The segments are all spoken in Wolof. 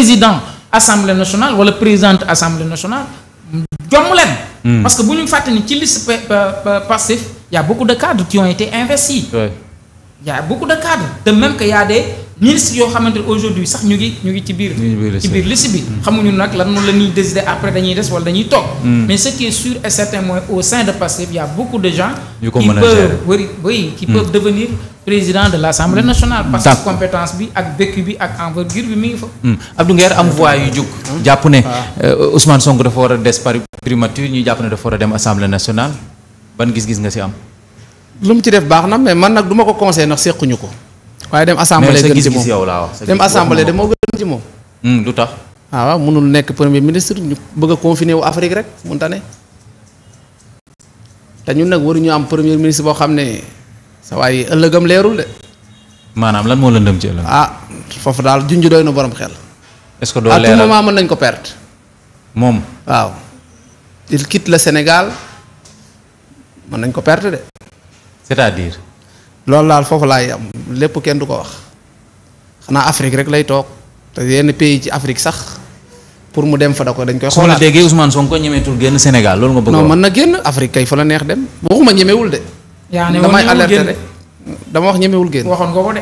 président assemblée nationale wala présidente assemblée nationale jomm leen. Hmm. parce que bu ñu fàtte ci liste passif y' a beaucoup de cadres qui ont été investis. Ouais. y' a beaucoup de cadres de même que ministre yoo xamante ne aujourd'hui sax ñu ngi ñu ngi ci biir ci biir liste bi mm. xamuñu nag lan moom la ñuy décider après dañuy des wala dañuy toog mm. mais ce qui est sûr et certain au sein de Pastef y a beaucoup de gens qui peuvent oui oui mm. président de l'Assemblée nationale parce que compétence bi ak vécu bi ak envergure bi mi ngi fa Abdou Nguer am voix yu jug jàpp ne ah. euh, Ousmane Sonko dafa war a des par primature ñu jàpp ne dafa war a dem Assemblée nationale ban gis-gis nga si am lu mu ci def baax na mais man nag du ma ko conseillé ndax sequñu ko waaye dem assemblée gën ci moom yow laa wax dem assemblée de moo gën ci moom. Hmm, lu tax. ah waaw mënul nekk premier ministre ñu bëgg a confiné wu Afrique rek mënta ne te ñun nag waruñu am premier ministre boo xam ne sa waay ëllëgam leerul de. maanaam lan moo lëndëm ci ëllëg. ah foofu daal junj doy na borom xel. est-ce que doo leeral à mën nañ ko perte. moom waaw. il quitte le Sénégal mën nañ ko perte de. c'est-à-dire. loolu laal foofu laay am lépp kenn du ko wax xanaa Afrique rek lay toog te yenn pays ci Afrique sax pour mu dem fa da ko dañ koy. xoolaat soo déggee Ousmane Sonko ñemeetul génn Sénégal loolu nga bëgg non mën na génn Afrique kay fa la neex dem waxuma ñemewul de. yaa ne damay alerter de dama wax ñemewul génn. waxoon nga ko de.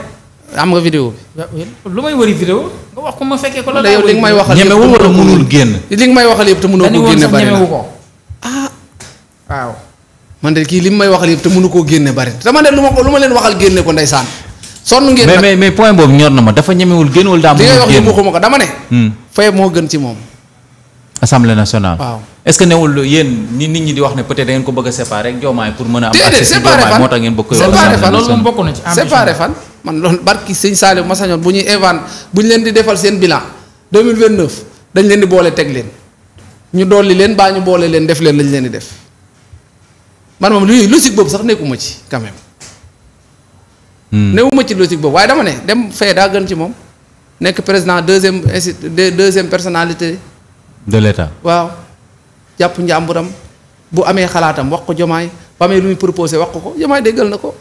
am nga vidéo bi. lu may wëri vidéo nga wax ko ma fekkee ko la yow li génn. li nga may waxal yëpp te mënoo ko ne bari na ah. waaw. man de kii li mu may waxal yëpp te mënu koo génne bari te man de lu ma ko lu ma leen waxal génne ko ndeysaan. sonn ngeen mais mais boobu ñor na ma dafa ñemewul génn wala daa mënul génn li ngay wax waxuma ko dama ne. Hmm. fay moo gën ci moom. yéen ni nit ñi di wax ne peut-être da ngeen ko a a. am accès ci Diomaye moo tax ngeen bëgg ko yow. loolu moom bokk na ci ambition bu ñuy évan bu ñu leen di defal seen bilan 2029 dañ leen di boole teg leen ñu dolli leen baa ñu boole leen def leen lañu leen di def man moom lu logique boobu sax nekkuma ci quand même. Hmm. newuma ci logique boobu waaye dama ne dem fee daa gën ci moom nekk président deuxième insi deuxième personnalité. de l'état waaw. jàpp njàmburam bu amee xalaatam wax ko jomaay bu amee lu muy proposé wax ko ko jomaay déggal na ko.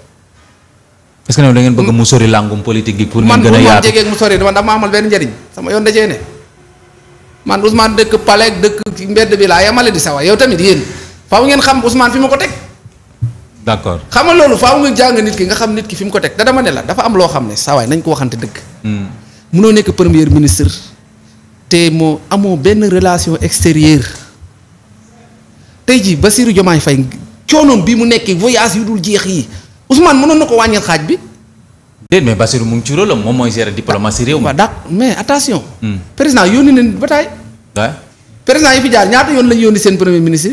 est ce que da ngeen bëgg mu sori làngum politique gi pour ngeen gën a yaatu man bu mu sori man dama amal benn njëriñ sama yoon da cee ne man Ousmane dëkk pale dëkk mbedd bi laa yamale di sawa yow tamit yéen faaw ngeen xam Ousmane fi ma ko teg. d'accord xam nga loolu faaw nga jàng nit ki nga xam nit ki fi ko teg te dama ne la dafa am loo xam ne saa waay nañ ko waxante dëgg. Hmm. noo nekk premier ministre. te moo amoo benn relation extérieure tey jii Bassirou Diomaye Faye coonoom bi mu nekkee voyage yu dul jeex yi Ousmane mënoon na ko wàññil xaaj bi. déedéet mais Bassirou mu ngi ci rôle moom mooy gérer diplomatie réew mi. waaw daa mais attention. Hmm. président yónni nañu bataay. waaw président yi fi jaar ñaata yoon lañu yónni seen premier ministre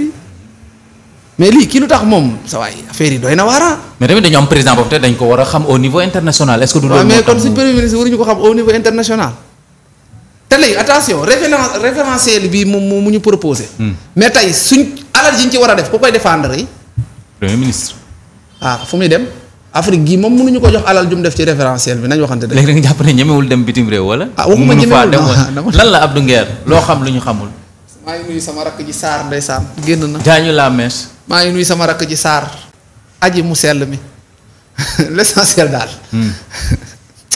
mais lii kii lu tax moom sa waay affaire yi doy na waara ah. mais tamit dañu am président boobu te ko a xam au niveau international est-ce que du loolu mais kon suñ premier ministre waruñu ko xam au niveau international te léegi hmm. mais tey suñ alal ji ci war a def ku koy défendre yi premier ministre ah fu muy dem Afrique gii moom mënuñu ko jox alal jum def ci référentiel bi nañ waxante dëgg léegi da jàpp ne ñemewul dem bitim réew wala ah waxuma ñemewul lan la Abdou Nguer loo xam lu ñu xamul maa ngi nuyu sama rakk ji Saar ndeysaan génn na. jaañu la mees. maa nuyu sama rakk ji Saar. aji mu sell mi l'essentiel daal. Hmm.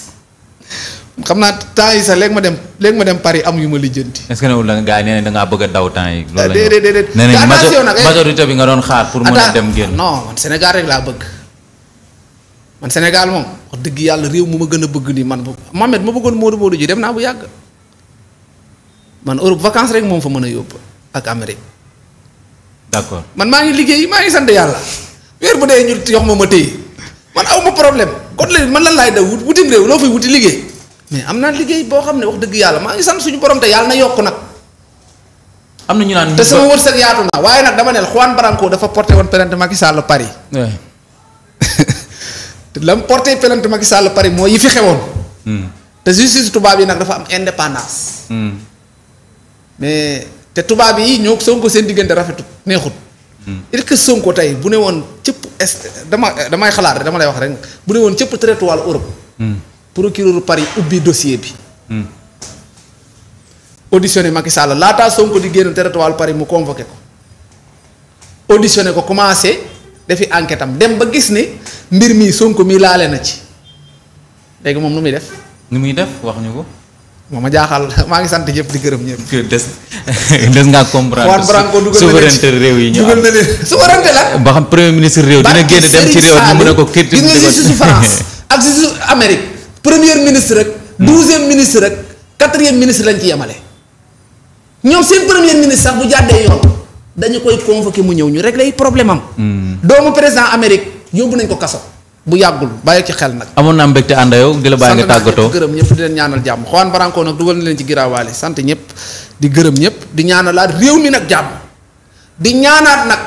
xam naa temps yi sax léegi ma dem léegi ma dem Paris am yu ma lijjanti. est-ce que newul la gaa yi nee nañ da ngaa bëgg a daw temps yi. loolu la ñu eh, déedéet déedéet. nee nañ eh. bi nga doon xaar pour ma a dem génn. non Sénégal rek laa bëgg man Sénégal moom wax dëgg yàlla réew mu ma gën a bëgg nii man Mohamed ma bëggoon Modou Modou ji dem naa bu yàgg. man Europe vacances rek moom fa mën a yóbbu ak Amérique. d'accord man maa ngi liggéey maa ngi sant yàlla weer bu dee ñu yox ma ma téye man aw ma problème kon léegi man lan laay daw wutim réew loo fay wuti liggéey mais am naa liggéey boo xam ne wax dëgg yàlla maa ngi sant suñu borom te yàlla na yokk nag. am na ñu naan te sama wërsëg yaatu naa waaye nag dama ne Juan Branco dafa porté woon plainte Macky Sall Paris. te la porte porté plainte Macky Sall Paris mooy yi fi xewoon. Hmm. te tubaab yi nag dafa am indépendance. Hmm. mais te tubaab yi ñoo Sonko seen diggante rafetut neexut. Hmm. est-ce que Sonko tey bu ne woon cëpp dama damay xalaat dama lay wax rek bu ne woon cëpp traité wàllu Europe. Hmm. procureur Paris ubbi dossier bi. Hmm. auditionné Macky Sall laataa sonk di génn traité Paris mu convoqué ko. auditionné ko commencé dafi enquête am dem ba gis ne mbir mi Sonko mi laale na ci léegi moom nu muy def. nu muy def wax ñu ko. moom ma jaaxal maa ngi sant ñëpp di gërëm ñëpp. des des ngaa comprendre. Juan Branco dugal na souveraineté réew yi ñu am dugal na souveraineté la. ba xam premier ministre réew dina génn dem ci réew mu mën a ko. kii gis nga France ak justice Amérique premier ministre rek. Hmm. douzième ministre rek quatrième ministre lañ ci yemale. ñoom seen premier ministre sax bu jàddee yoon dañu koy ki mu ñëw ñu réglé problème am. Hmm. doomu président Amérique yóbbu nañ ko kaso. bu yàggul bàyyi ci xel nag. amoon naa mbégte ànd yow di la bàyyi tàggatoo sant gërëm ñëpp di leen ñaanal jàmm Juan Branco nag dugal sant ñëpp di gërëm ñëpp di ñaanalaat réew mi nag jàmm di ñaanaat nag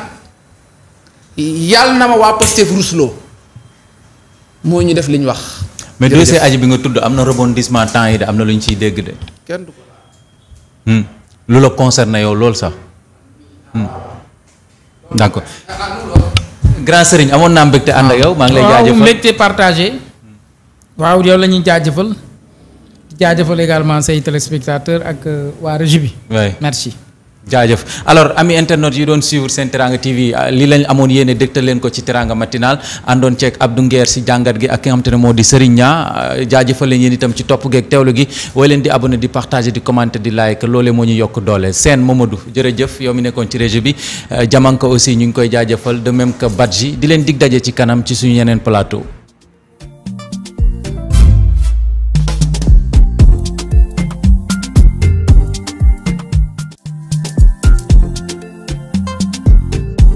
yàlla na ma waa Pastef rusloo moo ñu def li ñu wax. mais dossier aji bi nga tudd am na rebondissement temps yi de am na lu ñu ciy dégg de. kenn du ko. Hmm. lu la concerné yow hmm. ah, ah, loolu sax. d'accord. grand sëriñ amoon naa mbégte ànd ak yow. maa ngi lay jaajëfal waaw mbégte partagé. waaw yow la ñuy jaajëfal jaajëfal également say téléspectateurs ak euh, waa régie bi. merci. jaajëf alors ami internet yi doon suivre seen Teranga TV ah, li lañ amoon yéene dégtal leen ko ci Teranga matinal àndoon ceeg Abdou Nguer si jàngat gi ak ki nga xam ne moo di Serigne Nia ah, jaajëfal leen yéen itam ci topp geeg teewlu gi way leen di abonné di partager di commenter di like loolee moo ñu yokk doole seen Mamadou jërëjëf yow mi nekkoon ci régie bi ah, jamanka aussi ñu ngi koy jaajëfal de même que Badji di leen dig daje ci kanam ci suñu yeneen plateau